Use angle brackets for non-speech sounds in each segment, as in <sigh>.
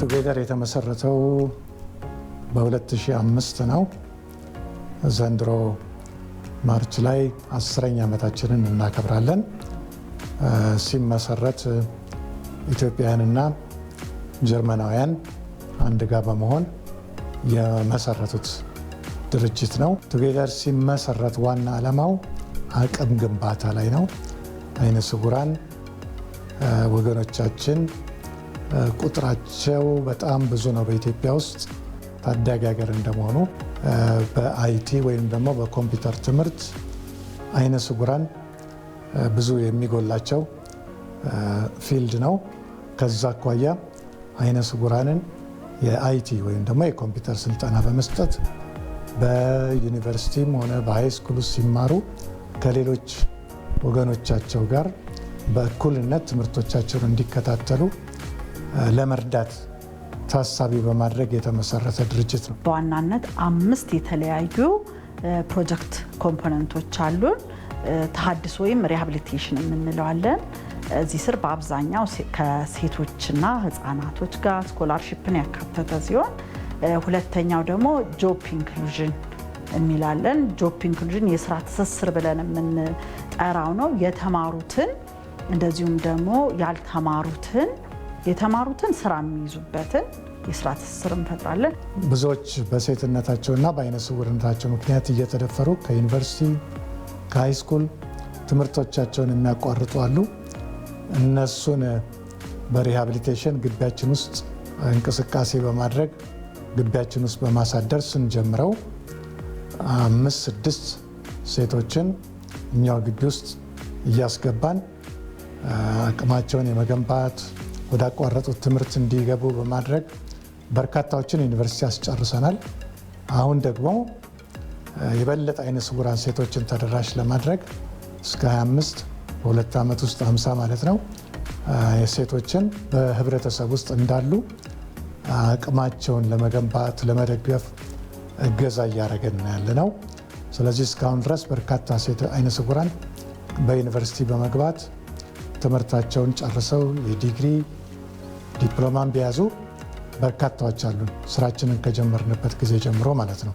ቱጌደር የተመሰረተው በ2005 ነው። ዘንድሮ ማርች ላይ አስረኛ ዓመታችንን እናከብራለን። ሲመሰረት ኢትዮጵያውያንና ጀርመናውያን አንድ ጋር በመሆን የመሰረቱት ድርጅት ነው። ቱጌደር ሲመሰረት ዋና ዓላማው አቅም ግንባታ ላይ ነው። አይነ ስውራን ወገኖቻችን ቁጥራቸው በጣም ብዙ ነው። በኢትዮጵያ ውስጥ ታዳጊ ሀገር እንደመሆኑ በአይቲ ወይም ደግሞ በኮምፒውተር ትምህርት አይነ ስጉራን ብዙ የሚጎላቸው ፊልድ ነው። ከዛ አኳያ አይነ ስጉራንን የአይቲ ወይም ደግሞ የኮምፒውተር ስልጠና በመስጠት በዩኒቨርሲቲም ሆነ በሃይ ስኩል ሲማሩ ከሌሎች ወገኖቻቸው ጋር በእኩልነት ትምህርቶቻቸውን እንዲከታተሉ ለመርዳት ታሳቢ በማድረግ የተመሰረተ ድርጅት ነው። በዋናነት አምስት የተለያዩ ፕሮጀክት ኮምፖነንቶች አሉን። ተሀድሶ ወይም ሪሃብሊቴሽን የምንለዋለን። እዚህ ስር በአብዛኛው ከሴቶችና ህጻናቶች ጋር ስኮላርሽፕን ያካተተ ሲሆን ሁለተኛው ደግሞ ጆብ ኢንክሉዥን የሚላለን። ጆብ ኢንክሉዥን የስራ ትስስር ብለን የምንጠራው ነው። የተማሩትን እንደዚሁም ደግሞ ያልተማሩትን የተማሩትን ስራ የሚይዙበትን የስራ ትስስር እንፈጥራለን። ብዙዎች በሴትነታቸውና በአይነ ስውርነታቸው ምክንያት እየተደፈሩ ከዩኒቨርሲቲ ከሃይስኩል ትምህርቶቻቸውን የሚያቋርጡ አሉ። እነሱን በሪሃብሊቴሽን ግቢያችን ውስጥ እንቅስቃሴ በማድረግ ግቢያችን ውስጥ በማሳደር ስንጀምረው አምስት ስድስት ሴቶችን እኛው ግቢ ውስጥ እያስገባን አቅማቸውን የመገንባት ወዳቋረጡት ትምህርት እንዲገቡ በማድረግ በርካታዎችን ዩኒቨርሲቲ አስጨርሰናል። አሁን ደግሞ የበለጠ አይነ ስውራን ሴቶችን ተደራሽ ለማድረግ እስከ 25 በሁለት ዓመት ውስጥ 50 ማለት ነው ሴቶችን በህብረተሰብ ውስጥ እንዳሉ አቅማቸውን ለመገንባት ለመደገፍ እገዛ እያደረገን ያለ ነው። ስለዚህ እስካሁን ድረስ በርካታ ሴት አይነ ስውራን በዩኒቨርሲቲ በመግባት ትምህርታቸውን ጨርሰው የዲግሪ ዲፕሎማን ቢያዙ በርካታዎች አሉን። ስራችንን ከጀመርንበት ጊዜ ጀምሮ ማለት ነው።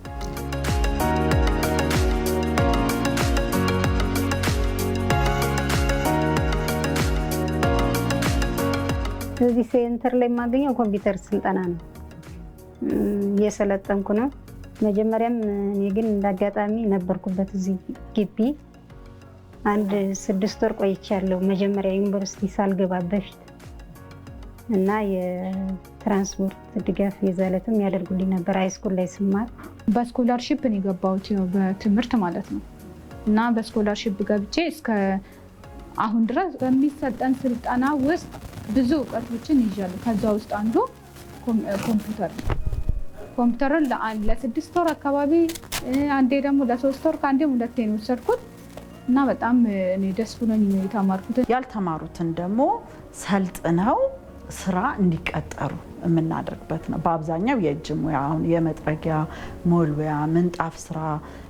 እዚህ ሴንተር ላይ የማገኘው ኮምፒውተር ስልጠና ነው። እየሰለጠንኩ ነው። መጀመሪያም እኔ ግን እንዳጋጣሚ ነበርኩበት እዚህ ግቢ አንድ ስድስት ወር ቆይቻለሁ። መጀመሪያ ዩኒቨርሲቲ ሳልገባ በፊት እና የትራንስፖርት ድጋፍ የዘለትም ያደርጉልኝ ነበር። ሃይስኩል ላይ ስማር በስኮላርሽፕ ነው የገባሁት ነው በትምህርት ማለት ነው። እና በስኮላርሽፕ ገብቼ እስከ አሁን ድረስ በሚሰጠን ስልጠና ውስጥ ብዙ እውቀቶችን ይዣሉ። ከዛ ውስጥ አንዱ ኮምፒውተር ኮምፒውተርን ለስድስት ወር አካባቢ አንዴ ደግሞ ለሶስት ወር ከአንዴም ሁለቴ ነው የወሰድኩት እና በጣም እኔ ደስ ብሎኝ የተማርኩትን ያልተማሩትን ደግሞ ሰልጥነው ስራ እንዲቀጠሩ የምናደርግበት ነው። በአብዛኛው የእጅ ሙያ አሁን የመጥረጊያ፣ ሞልቢያ፣ ምንጣፍ ስራ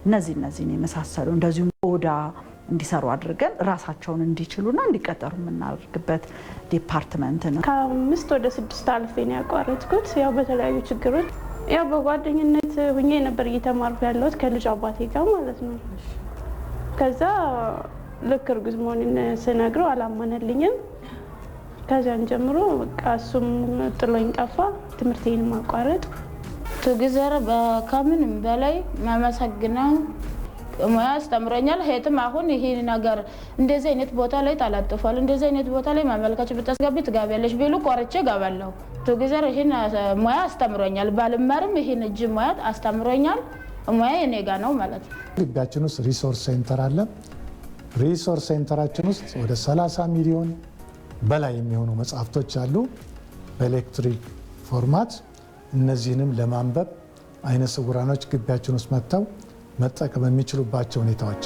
እነዚህ እነዚህን የመሳሰሉ እንደዚሁም ኦዳ እንዲሰሩ አድርገን ራሳቸውን እንዲችሉና እንዲቀጠሩ የምናደርግበት ዲፓርትመንት ነው። ከአምስት ወደ ስድስት አልፌ ነው ያቋረጥኩት። ያው በተለያዩ ችግሮች ያው በጓደኝነት ሁኜ ነበር እየተማርኩ ያለሁት ከልጅ አባቴ ጋር ማለት ነው። ከዛ ልክ እርጉዝ መሆኔን ስነግረው አላመነልኝም። ከዚያን ጀምሮ በቃ እሱም ጥሎኝ ጠፋ። ትምህርቴን ማቋረጥ ትግዘር ከምንም በላይ መመሰግነው ሙያ አስተምሮኛል። ሄትም አሁን ይሄ ነገር እንደዚህ አይነት ቦታ ላይ ተለጥፏል፣ እንደዚህ አይነት ቦታ ላይ ማመልከቻ ብታስገቢ ትገቢያለሽ ቢሉ ቆርቼ እገባለሁ። ቱጊዘር ይህን ሙያ አስተምሮኛል። ባልመርም ይህን እጅ ሙያ አስተምሮኛል። ሙያ የኔ ጋ ነው ማለት ነው። ግቢያችን ውስጥ ሪሶርስ ሴንተር አለ። ሪሶርስ ሴንተራችን ውስጥ ወደ 30 ሚሊዮን በላይ የሚሆኑ መጽሐፍቶች አሉ በኤሌክትሪክ ፎርማት። እነዚህንም ለማንበብ አይነ ስውራኖች ግቢያችን ውስጥ መጥተው መጠቀም የሚችሉባቸው ሁኔታዎች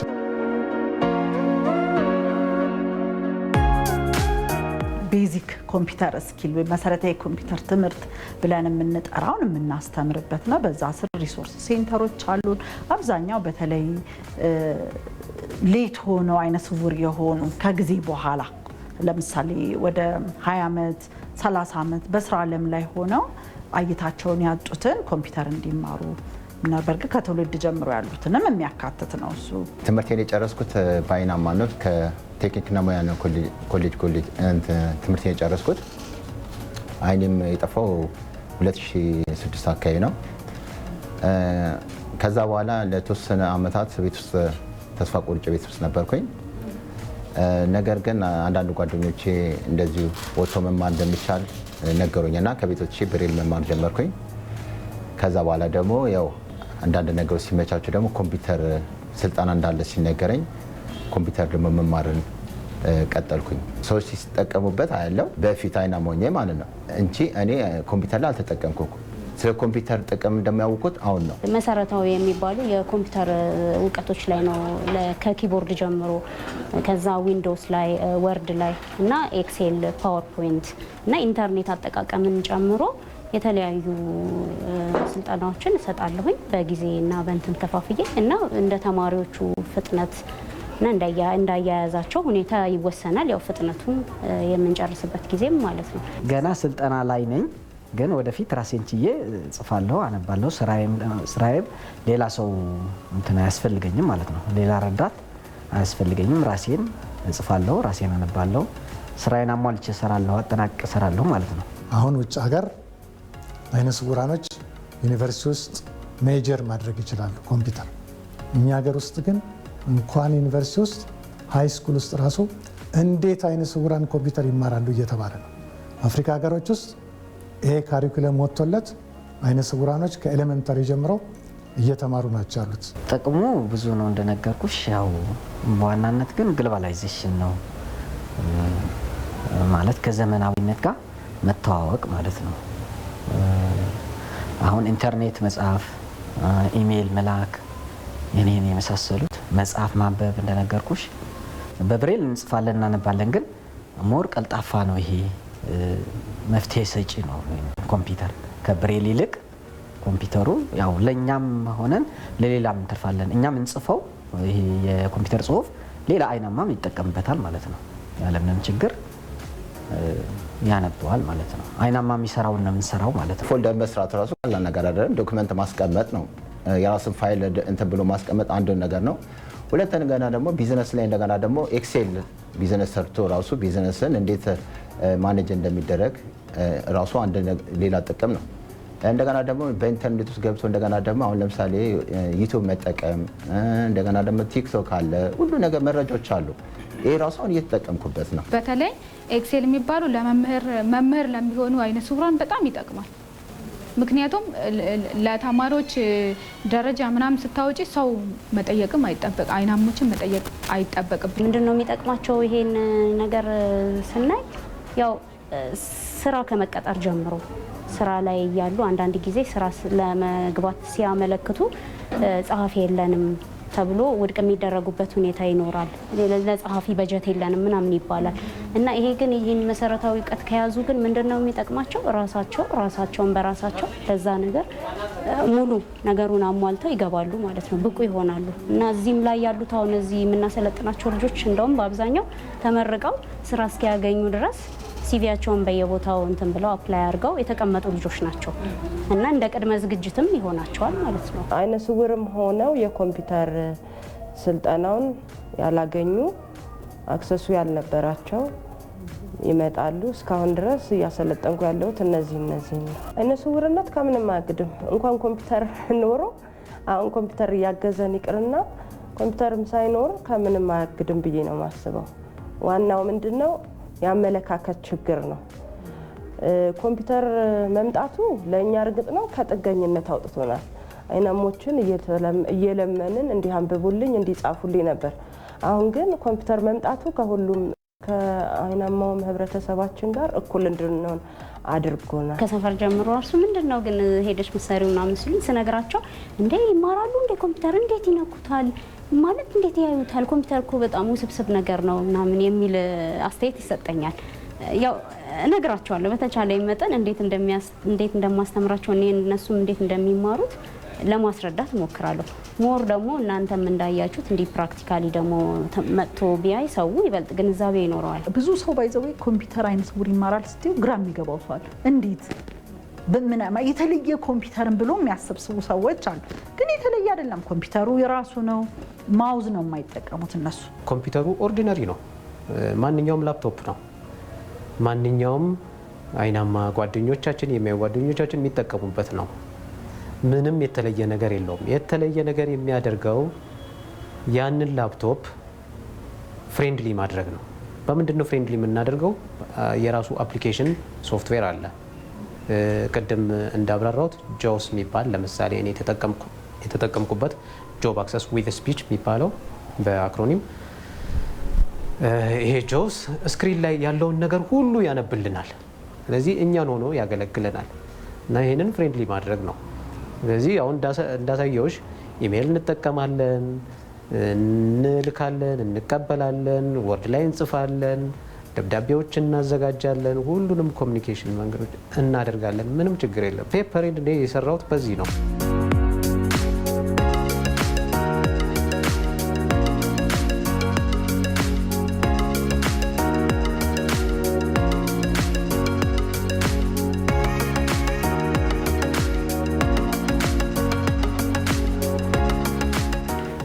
ቤዚክ ኮምፒውተር ስኪል ወይም መሰረታዊ ኮምፒውተር ትምህርት ብለን የምንጠራውን የምናስተምርበት ነው። በዛ ስር ሪሶርስ ሴንተሮች አሉን። አብዛኛው በተለይ ሌት ሆነው አይነ ስውር የሆኑ ከጊዜ በኋላ ለምሳሌ ወደ 20 ዓመት 30 ዓመት በስራ ዓለም ላይ ሆነው አይታቸውን ያጡትን ኮምፒውተር እንዲማሩ እና በእርግጥ ከትውልድ ጀምሮ ያሉትንም የሚያካትት ነው። እሱ ትምህርቴን የጨረስኩት በአይን አማኖት ከቴክኒክና ሙያ ነው ኮሌጅ ኮሌጅ ትምህርቴን የጨረስኩት። አይኔም የጠፋው 2006 አካባቢ ነው። ከዛ በኋላ ለተወሰነ ዓመታት ቤት ውስጥ ተስፋ ቆርጬ ቤት ውስጥ ነበርኩኝ። ነገር ግን አንዳንድ ጓደኞቼ እንደዚሁ ወጥቶ መማር እንደሚቻል ነገሩኝ እና ከቤቶቼ ብሬል መማር ጀመርኩኝ። ከዛ በኋላ ደግሞ ያው አንዳንድ ነገሮች ሲመቻቸው ደግሞ ኮምፒውተር ስልጠና እንዳለ ሲነገረኝ ኮምፒውተር ደግሞ መማርን ቀጠልኩኝ። ሰዎች ሲጠቀሙበት አያለው በፊት አይና ሞኜ ማለት ነው እንጂ እኔ ኮምፒውተር ላይ አልተጠቀምኩም። ስለ ኮምፒውተር ጥቅም እንደሚያውቁት አሁን ነው። መሰረታዊ የሚባሉ የኮምፒውተር እውቀቶች ላይ ነው ከኪቦርድ ጀምሮ ከዛ ዊንዶውስ ላይ ወርድ ላይ እና ኤክሴል፣ ፓወርፖይንት እና ኢንተርኔት አጠቃቀምን ጨምሮ የተለያዩ ስልጠናዎችን እሰጣለሁኝ በጊዜ እና በእንትን ከፋፍዬ እና እንደ ተማሪዎቹ ፍጥነት እና እንዳያያዛቸው ሁኔታ ይወሰናል። ያው ፍጥነቱም የምንጨርስበት ጊዜም ማለት ነው። ገና ስልጠና ላይ ነኝ። ግን ወደፊት ራሴን ችዬ ጽፋለሁ፣ አነባለሁ። ስራዬም ሌላ ሰው እንትን አያስፈልገኝም ማለት ነው። ሌላ ረዳት አያስፈልገኝም። ራሴን እጽፋለሁ፣ ራሴን አነባለሁ፣ ስራዬን አሟልቼ እሰራለሁ፣ አጠናቅቄ እሰራለሁ ማለት ነው። አሁን ውጭ ሀገር አይነ ስውራኖች ዩኒቨርሲቲ ውስጥ ሜጀር ማድረግ ይችላሉ ኮምፒውተር። እኛ ሀገር ውስጥ ግን እንኳን ዩኒቨርሲቲ ውስጥ ሀይ ስኩል ውስጥ ራሱ እንዴት አይነ ስውራን ኮምፒውተር ይማራሉ እየተባለ ነው። አፍሪካ ሀገሮች ውስጥ ይሄ ካሪኩለም ወጥቶለት አይነ ስውራኖች ከኤሌመንታሪ ጀምረው እየተማሩ ናቸው ያሉት። ጥቅሙ ብዙ ነው እንደነገርኩሽ። ያው በዋናነት ግን ግሎባላይዜሽን ነው ማለት ከዘመናዊነት ጋር መተዋወቅ ማለት ነው። አሁን ኢንተርኔት መጽሐፍ፣ ኢሜይል መላክ፣ የኔን የመሳሰሉት መጽሐፍ ማንበብ እንደነገርኩሽ በብሬል እንጽፋለን እናነባለን፣ ግን ሞር ቀልጣፋ ነው ይሄ መፍትሄ ሰጪ ነው። ኮምፒውተር ከብሬል ይልቅ ኮምፒውተሩ ያው ለእኛም ሆነን ለሌላም እንተርፋለን። እኛም እንጽፈው ይሄ የኮምፒውተር ጽሁፍ ሌላ አይናማም ይጠቀምበታል ማለት ነው። ያለምንም ችግር ያነበዋል ማለት ነው። አይናማ የሚሰራውን ነው የምንሰራው ማለት ነው። ፎልደር መስራት ራሱ ቀላል ነገር አይደለም። ዶክመንት ማስቀመጥ ነው የራስን ፋይል እንትን ብሎ ማስቀመጥ አንዱን ነገር ነው። ሁለተኛ ገና ደግሞ ቢዝነስ ላይ እንደገና ደግሞ ኤክሴል ቢዝነስ ሰርቶ ራሱ ቢዝነስን እንዴት ማኔጅ እንደሚደረግ ራሱ አንድ ሌላ ጥቅም ነው። እንደገና ደግሞ በኢንተርኔት ውስጥ ገብቶ እንደገና ደግሞ አሁን ለምሳሌ ዩቱብ መጠቀም እንደገና ደግሞ ቲክቶክ አለ፣ ሁሉ ነገር መረጃዎች አሉ። ይሄ ራሱ አሁን እየተጠቀምኩበት ነው። በተለይ ኤክሴል የሚባሉ ለመምህር መምህር ለሚሆኑ አይነ ስውራን በጣም ይጠቅማል። ምክንያቱም ለተማሪዎች ደረጃ ምናምን ስታወጪ ሰው መጠየቅም አይጠበቅ አይናሞችን መጠየቅ አይጠበቅም። ምንድን ነው የሚጠቅማቸው ይሄን ነገር ስናይ ያው ስራ ከመቀጠር ጀምሮ ስራ ላይ ያሉ አንዳንድ ጊዜ ስራ ለመግባት ሲያመለክቱ ጸሐፊ የለንም ተብሎ ውድቅ የሚደረጉበት ሁኔታ ይኖራል። ለጸሐፊ በጀት የለንም ምናምን ይባላል እና ይሄ ግን ይህን መሰረታዊ እውቀት ከያዙ ግን ምንድን ነው የሚጠቅማቸው? ራሳቸው ራሳቸውን በራሳቸው ለዛ ነገር ሙሉ ነገሩን አሟልተው ይገባሉ ማለት ነው፣ ብቁ ይሆናሉ እና እዚህም ላይ ያሉት አሁን እዚህ የምናሰለጥናቸው ልጆች እንደውም በአብዛኛው ተመርቀው ስራ እስኪያገኙ ድረስ ሲቪያቸውን በየቦታው እንትን ብለው አፕላይ አድርገው የተቀመጡ ልጆች ናቸው እና እንደ ቅድመ ዝግጅትም ይሆናቸዋል ማለት ነው። አይነ ስውርም ሆነው የኮምፒውተር ስልጠናውን ያላገኙ አክሰሱ ያልነበራቸው ይመጣሉ። እስካሁን ድረስ እያሰለጠንኩ ያለሁት እነዚህ እነዚህ ነው። አይነ ስውርነት ከምንም አያግድም። እንኳን ኮምፒውተር <laughs> ኖሮ አሁን ኮምፒውተር እያገዘን ይቅርና ኮምፒውተርም ሳይኖር ከምንም አያግድም ብዬ ነው የማስበው። ዋናው ምንድን ነው የአመለካከት ችግር ነው። ኮምፒውተር መምጣቱ ለእኛ እርግጥ ነው ከጥገኝነት አውጥቶናል። አይናሞችን እየለመንን እንዲህ አንብቡልኝ እንዲጻፉልኝ ነበር። አሁን ግን ኮምፒውተር መምጣቱ ከሁሉም ከአይናማውም ህብረተሰባችን ጋር እኩል እንድንሆን አድርጎናል። ከሰፈር ጀምሮ እርሱ ምንድን ነው ግን ሄደች መሳሪው ምናምን ሲሉኝ ስነግራቸው እንዴ ይማራሉ እንዴ ኮምፒውተር እንዴት ይነኩታል ማለት እንዴት ያዩታል፣ ኮምፒውተር እኮ በጣም ውስብስብ ነገር ነው ምናምን የሚል አስተያየት ይሰጠኛል። ያው እነግራቸዋለሁ በተቻለ መጠን እንዴት እንደማስተምራቸው እኔ እነሱም እንዴት እንደሚማሩት ለማስረዳት እሞክራለሁ። ሞር ደግሞ እናንተም እንዳያችሁት እንዲህ ፕራክቲካሊ ደግሞ መጥቶ ቢያይ ሰው ይበልጥ ግንዛቤ ይኖረዋል። ብዙ ሰው ባይዘዌ ኮምፒውተር አይነ ስውር ይማራል ስትይው ግራ የሚገባው ሰዋል እንዴት የተለየ ኮምፒውተርን ብሎ የሚያሰብስቡ ሰዎች አሉ። ግን የተለየ አይደለም። ኮምፒውተሩ የራሱ ነው። ማውዝ ነው የማይጠቀሙት እነሱ። ኮምፒውተሩ ኦርዲነሪ ነው። ማንኛውም ላፕቶፕ ነው። ማንኛውም አይናማ ጓደኞቻችን የሚያዩ ጓደኞቻችን የሚጠቀሙበት ነው። ምንም የተለየ ነገር የለውም። የተለየ ነገር የሚያደርገው ያንን ላፕቶፕ ፍሬንድሊ ማድረግ ነው። በምንድን ነው ፍሬንድሊ የምናደርገው? የራሱ አፕሊኬሽን ሶፍትዌር አለ። ቅድም እንዳብራራሁት ጆስ የሚባል ለምሳሌ እኔ የተጠቀምኩበት ጆብ አክሰስ ዊዝ ስፒች የሚባለው በአክሮኒም ይሄ ጆስ ስክሪን ላይ ያለውን ነገር ሁሉ ያነብልናል። ስለዚህ እኛን ሆኖ ያገለግለናል እና ይህንን ፍሬንድሊ ማድረግ ነው። ስለዚህ አሁን እንዳሳየዎች ኢሜይል እንጠቀማለን፣ እንልካለን፣ እንቀበላለን፣ ወርድ ላይ እንጽፋለን ደብዳቤዎች እናዘጋጃለን። ሁሉንም ኮሚኒኬሽን መንገዶች እናደርጋለን። ምንም ችግር የለም። ፔፐር እ የሰራውት የሰራሁት በዚህ ነው።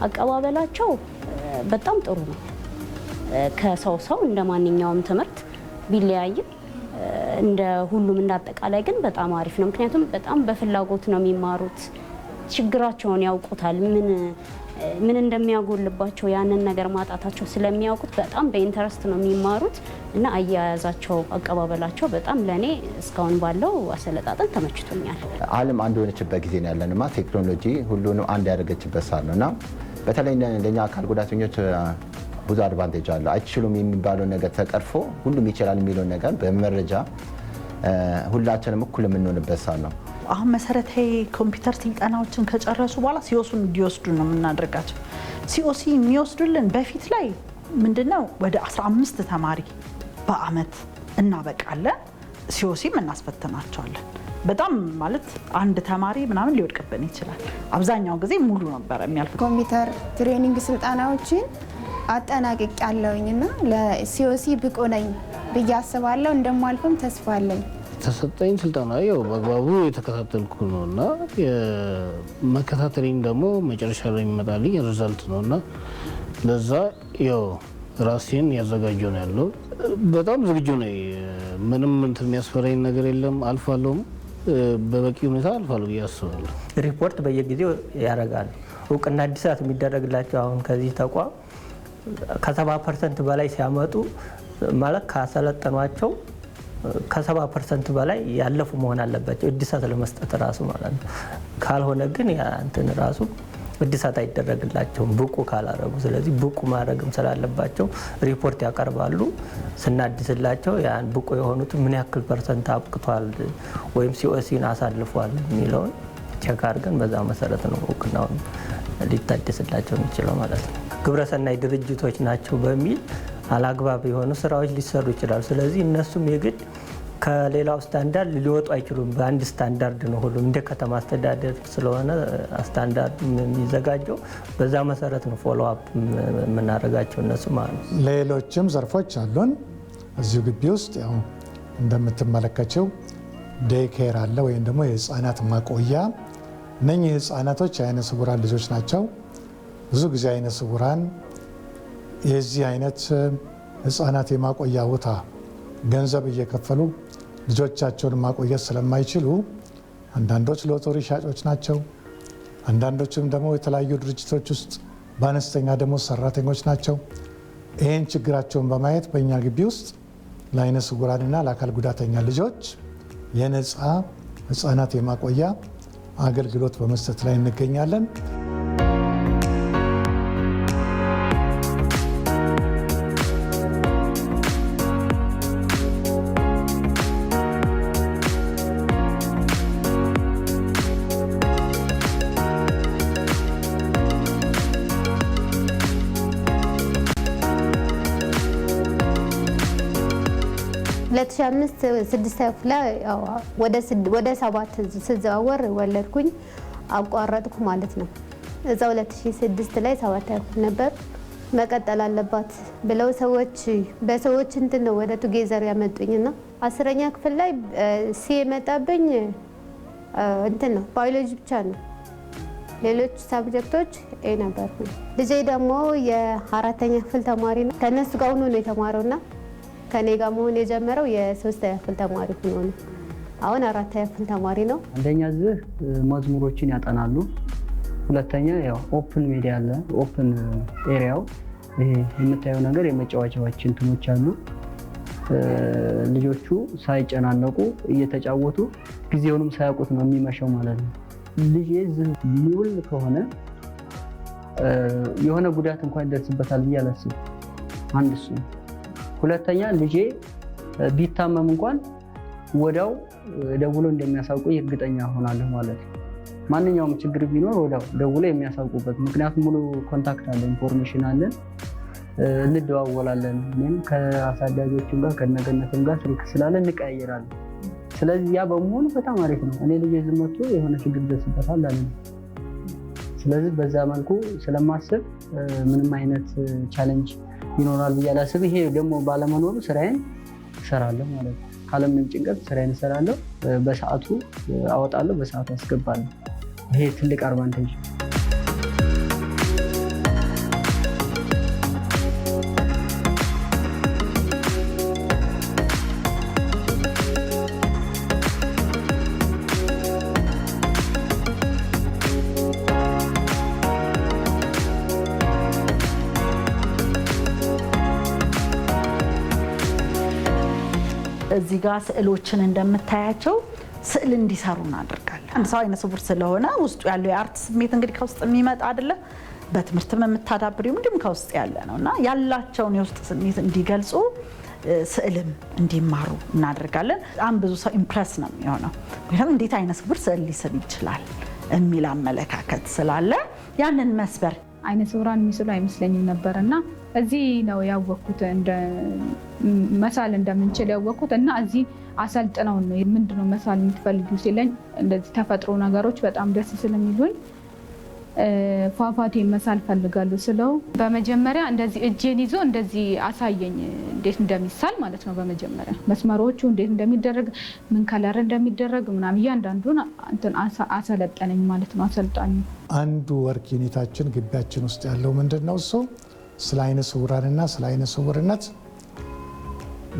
አቀባበላቸው በጣም ጥሩ ነው። ከሰው ሰው እንደ ማንኛውም ትምህርት ቢለያይም እንደ ሁሉም እንዳጠቃላይ ግን በጣም አሪፍ ነው። ምክንያቱም በጣም በፍላጎት ነው የሚማሩት። ችግራቸውን ያውቁታል። ምን ምን እንደሚያጎልባቸው ያንን ነገር ማጣታቸው ስለሚያውቁት በጣም በኢንተረስት ነው የሚማሩት እና አያያዛቸው፣ አቀባበላቸው በጣም ለእኔ እስካሁን ባለው አሰለጣጠን ተመችቶኛል። ዓለም አንድ የሆነችበት ጊዜ ነው ያለንማ ቴክኖሎጂ ሁሉንም አንድ ያደረገችበት ሰዓት ነው እና በተለይ ለእኛ አካል ጉዳተኞች ብዙ አድቫንቴጅ አለ። አይችሉም የሚባለው ነገር ተቀርፎ ሁሉም ይችላል የሚለው ነገር በመረጃ ሁላችንም እኩል የምንሆንበት ሳል ነው። አሁን መሰረታዊ ኮምፒውተር ስልጠናዎችን ከጨረሱ በኋላ ሲኦሱን እንዲወስዱ ነው የምናደርጋቸው። ሲኦሲ የሚወስዱልን በፊት ላይ ምንድነው ወደ 15 ተማሪ በአመት እናበቃለን። ሲኦሲም እናስፈትናቸዋለን። በጣም ማለት አንድ ተማሪ ምናምን ሊወድቅብን ይችላል። አብዛኛው ጊዜ ሙሉ ነበረ የሚያልፍ ኮምፒውተር ትሬኒንግ ስልጠናዎችን አጠናቅቅ ያለውኝ እና ለሲኦሲ ብቁ ነኝ ብዬ አስባለሁ። እንደማልፍም ተስፋ አለኝ። ተሰጠኝ ስልጠና ያው በአግባቡ የተከታተልኩ ነው እና መከታተሌም ደግሞ መጨረሻ ላይ የሚመጣልኝ ሪዛልት ነው እና ለዛ ያው ራሴን ያዘጋጀ ነው ያለው። በጣም ዝግጁ ነኝ። ምንም እንትን የሚያስፈራኝ ነገር የለም። አልፋለሁም በበቂ ሁኔታ አልፋለሁ ብዬ አስባለሁ። ሪፖርት በየጊዜው ያደርጋሉ። እውቅና አዲሳት የሚደረግላቸው አሁን ከዚህ ተቋም ከሰባ ፐርሰንት በላይ ሲያመጡ ማለት ካሰለጠኗቸው ከሰባ ፐርሰንት በላይ ያለፉ መሆን አለባቸው እድሳት ለመስጠት ራሱ ማለት ነው። ካልሆነ ግን እንትን ራሱ እድሳት አይደረግላቸውም ብቁ ካላረጉ። ስለዚህ ብቁ ማድረግም ስላለባቸው ሪፖርት ያቀርባሉ። ስናድስላቸው ያን ብቁ የሆኑት ምን ያክል ፐርሰንት አብቅቷል ወይም ሲኦሲን አሳልፏል የሚለውን ቼክ አድርገን በዛ መሰረት ነው እውቅናውን ሊታደስላቸው የሚችለው ማለት ነው። ግብረሰናይ ድርጅቶች ናቸው በሚል አላግባብ የሆኑ ስራዎች ሊሰሩ ይችላሉ። ስለዚህ እነሱም የግድ ከሌላው ስታንዳርድ ሊወጡ አይችሉም። በአንድ ስታንዳርድ ነው ሁሉም እንደ ከተማ አስተዳደር ስለሆነ ስታንዳርድ የሚዘጋጀው በዛ መሰረት ነው ፎሎ አፕ የምናደርጋቸው እነሱ ማለት ነው። ሌሎችም ዘርፎች አሉን እዚሁ ግቢ ውስጥ ያው እንደምትመለከችው ዴይ ኬር አለ ወይም ደግሞ የህፃናት ማቆያ። እነኚህ ህፃናቶች የአይነ ስውራን ልጆች ናቸው። ብዙ ጊዜ አይነ ስውራን የዚህ አይነት ህፃናት የማቆያ ቦታ ገንዘብ እየከፈሉ ልጆቻቸውን ማቆየት ስለማይችሉ አንዳንዶች ሎተሪ ሻጮች ናቸው። አንዳንዶችም ደግሞ የተለያዩ ድርጅቶች ውስጥ በአነስተኛ ደግሞ ሰራተኞች ናቸው። ይህን ችግራቸውን በማየት በእኛ ግቢ ውስጥ ለአይነ ስውራንና ለአካል ጉዳተኛ ልጆች የነፃ ህፃናት የማቆያ አገልግሎት በመስጠት ላይ እንገኛለን። 2005 ስድስተኛ ክፍለ ወደ ሰባት ስዘዋወር ወለድኩኝ አቋረጥኩ ማለት ነው። እዛ 2006 ላይ ሰባተኛ ክፍል ነበር መቀጠል አለባት ብለው ሰዎች በሰዎች እንትን ነው ወደ ቱጌዘር ያመጡኝና አስረኛ ክፍል ላይ ሲ የመጣብኝ እንትን ነው ባዮሎጂ ብቻ ነው። ሌሎች ሳብጀክቶች ኤ ነበርኩኝ። ልጄ ደግሞ የአራተኛ ክፍል ተማሪ ነው። ከእነሱ ጋር ሁኑ ነው የተማረውና ከኔ ጋር መሆን የጀመረው የሶስት ያክል ተማሪ ሆኖ ነው። አሁን አራት ያክል ተማሪ ነው። አንደኛ እዚህ መዝሙሮችን ያጠናሉ። ሁለተኛ ያው ኦፕን ሜዳ አለ። ኦፕን ኤሪያው የምታየው ነገር የመጫወቻዎች እንትኖች አሉ። ልጆቹ ሳይጨናነቁ እየተጫወቱ ጊዜውንም ሳያውቁት ነው የሚመሸው ማለት ነው። ልጅ እዚህ የሚውል ከሆነ የሆነ ጉዳት እንኳን ይደርስበታል ብዬ አላስብም። አንድ እሱ ነው። ሁለተኛ ልጄ ቢታመም እንኳን ወዳው ደውሎ እንደሚያሳውቁ እርግጠኛ ሆናለሁ ማለት ነው። ማንኛውም ችግር ቢኖር ወዳው ደውሎ የሚያሳውቁበት ምክንያቱም ሙሉ ኮንታክት አለ፣ ኢንፎርሜሽን አለን፣ እንደዋወላለን። እኔም ከአሳዳጊዎችም ጋር ከነገነትም ጋር ስልክ ስላለ እንቀያየራለን። ስለዚህ ያ በመሆኑ በጣም አሪፍ ነው። እኔ ልጄ ዝም መጥቶ የሆነ ችግር ደርስበታል አለ። ስለዚህ በዛ መልኩ ስለማስብ ምንም አይነት ቻለንጅ ይኖራል ብዬ አላስብ ይሄ ደግሞ ባለመኖሩ ስራዬን እሰራለሁ ማለት ነው። ካለምንም ጭንቀት ስራዬን እሰራለሁ፣ በሰዓቱ አወጣለሁ፣ በሰዓቱ አስገባለሁ። ይሄ ትልቅ አድቫንቴጅ ጋር ስዕሎችን እንደምታያቸው ስዕል እንዲሰሩ እናደርጋለን። አንድ ሰው አይነ ስውር ስለሆነ ውስጡ ያለው የአርት ስሜት እንግዲህ ከውስጥ የሚመጣ አይደለም በትምህርትም የምታዳብሪው እንዲሁም ከውስጥ ያለ ነው እና ያላቸውን የውስጥ ስሜት እንዲገልጹ ስዕልም እንዲማሩ እናደርጋለን። በጣም ብዙ ሰው ኢምፕረስ ነው የሚሆነው። ምክንያቱም እንዴት አይነ ስውር ስዕል ሊስብ ይችላል የሚል አመለካከት ስላለ ያንን መስበር አይነ ስውራን የሚስሉ አይመስለኝም ነበር እና እዚህ ነው ያወቅኩት መሳል እንደምንችል ያወቅኩት እና እዚህ አሰልጥነው ነው ምንድነው መሳል የምትፈልጊው ሲለኝ እንደዚህ ተፈጥሮ ነገሮች በጣም ደስ ስለሚሉኝ ፏፏቴ መሳል ፈልጋሉ ስለው በመጀመሪያ እንደዚህ እጄን ይዞ እንደዚህ አሳየኝ እንዴት እንደሚሳል ማለት ነው። በመጀመሪያ መስመሮቹ እንዴት እንደሚደረግ ምን ከለር እንደሚደረግ ምናም እያንዳንዱን እንትን አሰለጠነኝ ማለት ነው። አሰልጣኙ አንዱ ወርክ ዩኒታችን ግቢያችን ውስጥ ያለው ምንድን ነው እሱ ስለ አይነ ስውራንና ስለ አይነ ስውርነት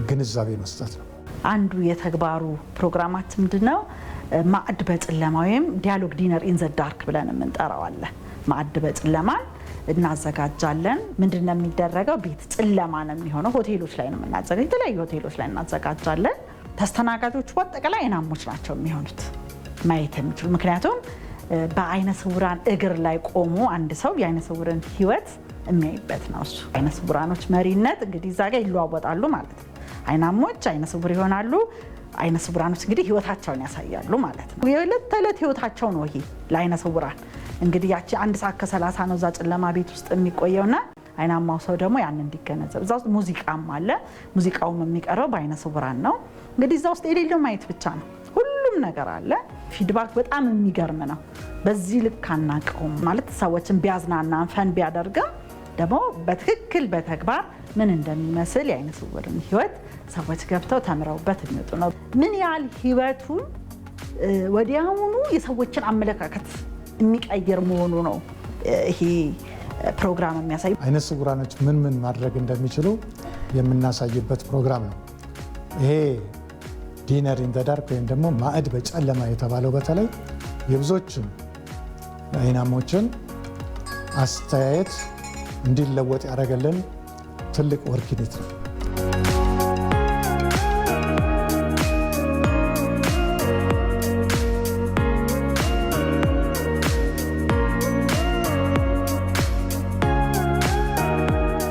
ግንዛቤ መስጠት ነው። አንዱ የተግባሩ ፕሮግራማት ምንድን ነው? ማዕድ በጨለማ ወይም ዲያሎግ ዲነር ኢን ዘ ዳርክ ብለን የምንጠራዋለን። ማዕድ በጨለማን እናዘጋጃለን። ምንድን ነው የሚደረገው? ቤት ጨለማ ነው የሚሆነው። ሆቴሎች ላይ ነው የምናዘጋ የተለያዩ ሆቴሎች ላይ እናዘጋጃለን። ተስተናጋጆቹ በአጠቃላይ አይናሞች ናቸው የሚሆኑት ማየት የሚችሉ ምክንያቱም በአይነ ስውራን እግር ላይ ቆሞ አንድ ሰው የአይነ ስውርን ህይወት የሚያይበት ነው። እሱ አይነ ስውራኖች መሪነት እንግዲህ እዛ ጋር ይለዋወጣሉ ማለት ነው። አይናሞች አይነ ስውር ይሆናሉ። አይነ ስውራኖች እንግዲህ ህይወታቸውን ያሳያሉ ማለት ነው። የዕለት ተዕለት ህይወታቸው ነው ይሄ ለአይነ ስውራን እንግዲህ ያቺ አንድ ሰዓት ከሰላሳ ነው እዛ ጨለማ ቤት ውስጥ የሚቆየውና አይናማው ሰው ደግሞ ያን እንዲገነዘብ እዛ ውስጥ ሙዚቃም አለ። ሙዚቃውም የሚቀርበው በአይነ ስውራን ነው። እንግዲህ እዛ ውስጥ የሌለው ማየት ብቻ ነው። ሁሉም ነገር አለ። ፊድባክ በጣም የሚገርም ነው። በዚህ ልክ አናውቀውም ማለት ሰዎችን ቢያዝናናን ፈን ቢያደርግም ደግሞ በትክክል በተግባር ምን እንደሚመስል የአይነ ስውርን ህይወት ሰዎች ገብተው ተምረውበት የሚወጡ ነው። ምን ያህል ህይወቱን ወዲያውኑ የሰዎችን አመለካከት የሚቀይር መሆኑ ነው ይሄ ፕሮግራም የሚያሳይ ዓይነ ስውራኖች ምን ምን ማድረግ እንደሚችሉ የምናሳይበት ፕሮግራም ነው። ይሄ ዲነር ኢን ዘ ዳርክ ወይም ደግሞ ማዕድ በጨለማ የተባለው በተለይ የብዙዎችን አይናሞችን አስተያየት እንዲለወጥ ያደረገልን ትልቅ ወርኪኒት ነው።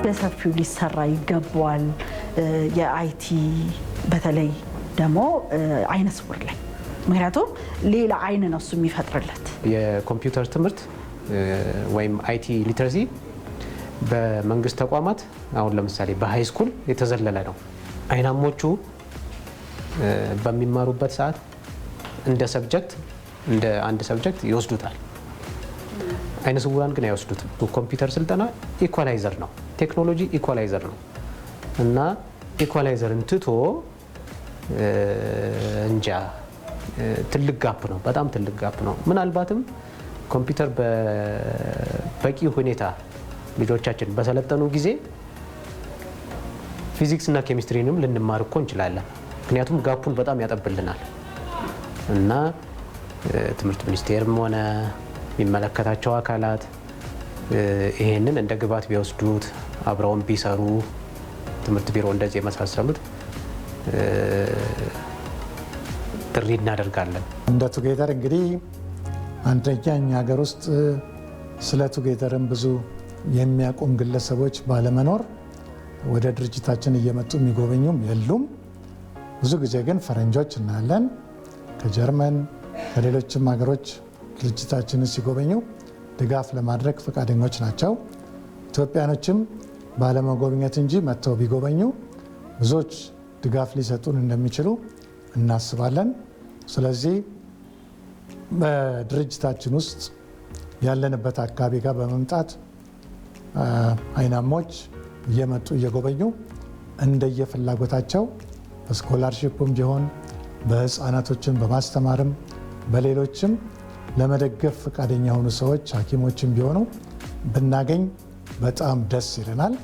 በሰፊው ሊሰራ ይገባዋል። የአይቲ በተለይ ደግሞ አይነ ስውር ላይ ምክንያቱም ሌላ አይን ነው እሱ የሚፈጥርለት የኮምፒውተር ትምህርት ወይም አይቲ ሊትረሲ በመንግስት ተቋማት አሁን ለምሳሌ በሀይ ስኩል የተዘለለ ነው። አይናሞቹ በሚማሩበት ሰዓት እንደ ሰብጀክት እንደ አንድ ሰብጀክት ይወስዱታል። አይነ ስውራን ግን አይወስዱትም። ኮምፒውተር ስልጠና ኢኳላይዘር ነው፣ ቴክኖሎጂ ኢኳላይዘር ነው እና ኢኳላይዘርን ትቶ እንጃ ትልቅ ጋፕ ነው፣ በጣም ትልቅ ጋፕ ነው። ምናልባትም ኮምፒውተር በበቂ ሁኔታ ልጆቻችን በሰለጠኑ ጊዜ ፊዚክስ እና ኬሚስትሪንም ልንማር እኮ እንችላለን። ምክንያቱም ጋፑን በጣም ያጠብልናል እና ትምህርት ሚኒስቴርም ሆነ የሚመለከታቸው አካላት ይሄንን እንደ ግብዓት ቢወስዱት አብረውን ቢሰሩ ትምህርት ቢሮ እንደዚህ የመሳሰሉት ጥሪ እናደርጋለን። እንደ ቱጌተር እንግዲህ አንደኛ ሀገር ውስጥ ስለ ቱጌተርም ብዙ የሚያቁም ግለሰቦች ባለመኖር ወደ ድርጅታችን እየመጡ የሚጎበኙም የሉም። ብዙ ጊዜ ግን ፈረንጆች እናያለን ከጀርመን ከሌሎችም ሀገሮች ድርጅታችንን ሲጎበኙ ድጋፍ ለማድረግ ፈቃደኞች ናቸው። ኢትዮጵያኖችም ባለመጎብኘት እንጂ መጥተው ቢጎበኙ ብዙዎች ድጋፍ ሊሰጡን እንደሚችሉ እናስባለን። ስለዚህ በድርጅታችን ውስጥ ያለንበት አካባቢ ጋር በመምጣት አይናሞች እየመጡ እየጎበኙ እንደየፍላጎታቸው በስኮላርሽፕም ቢሆን በህፃናቶችም በማስተማርም በሌሎችም ለመደገፍ ፈቃደኛ የሆኑ ሰዎች ሀኪሞችም ቢሆኑ ብናገኝ በጣም ደስ ይለናል።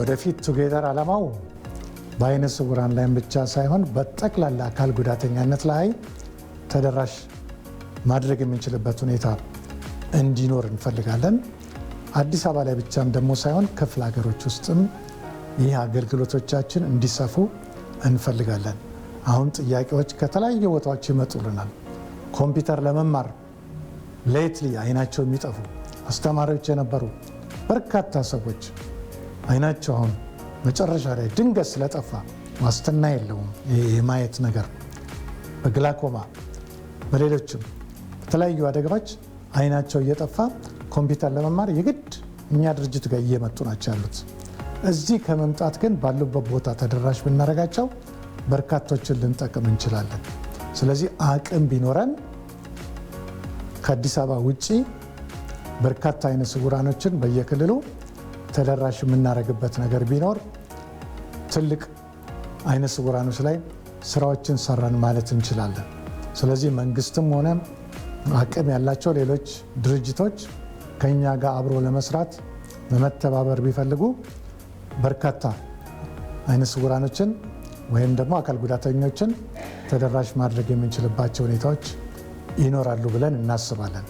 ወደፊት ቱጌተር አላማው በአይነ ስውራን ላይም ብቻ ሳይሆን በጠቅላላ አካል ጉዳተኛነት ላይ ተደራሽ ማድረግ የምንችልበት ሁኔታ እንዲኖር እንፈልጋለን። አዲስ አበባ ላይ ብቻም ደግሞ ሳይሆን ክፍለ ሀገሮች ውስጥም ይህ አገልግሎቶቻችን እንዲሰፉ እንፈልጋለን። አሁን ጥያቄዎች ከተለያዩ ቦታዎች ይመጡልናል። ኮምፒውተር ለመማር ሌትሊ አይናቸው የሚጠፉ አስተማሪዎች የነበሩ በርካታ ሰዎች አይናቸው አሁን መጨረሻ ላይ ድንገት ስለጠፋ ዋስትና የለውም። የማየት ነገር በግላኮማ በሌሎችም በተለያዩ አደጋዎች አይናቸው እየጠፋ ኮምፒውተር ለመማር የግድ እኛ ድርጅት ጋር እየመጡ ናቸው ያሉት። እዚህ ከመምጣት ግን ባሉበት ቦታ ተደራሽ ብናደርጋቸው በርካቶችን ልንጠቅም እንችላለን። ስለዚህ አቅም ቢኖረን ከአዲስ አበባ ውጪ በርካታ አይነ ስውራኖችን በየክልሉ ተደራሽ የምናደርግበት ነገር ቢኖር ትልቅ አይነ ስውራኖች ላይ ስራዎችን ሰራን ማለት እንችላለን። ስለዚህ መንግስትም ሆነ አቅም ያላቸው ሌሎች ድርጅቶች ከኛ ጋር አብሮ ለመስራት በመተባበር ቢፈልጉ በርካታ አይነ ስውራኖችን ወይም ደግሞ አካል ጉዳተኞችን ተደራሽ ማድረግ የምንችልባቸው ሁኔታዎች ይኖራሉ ብለን እናስባለን።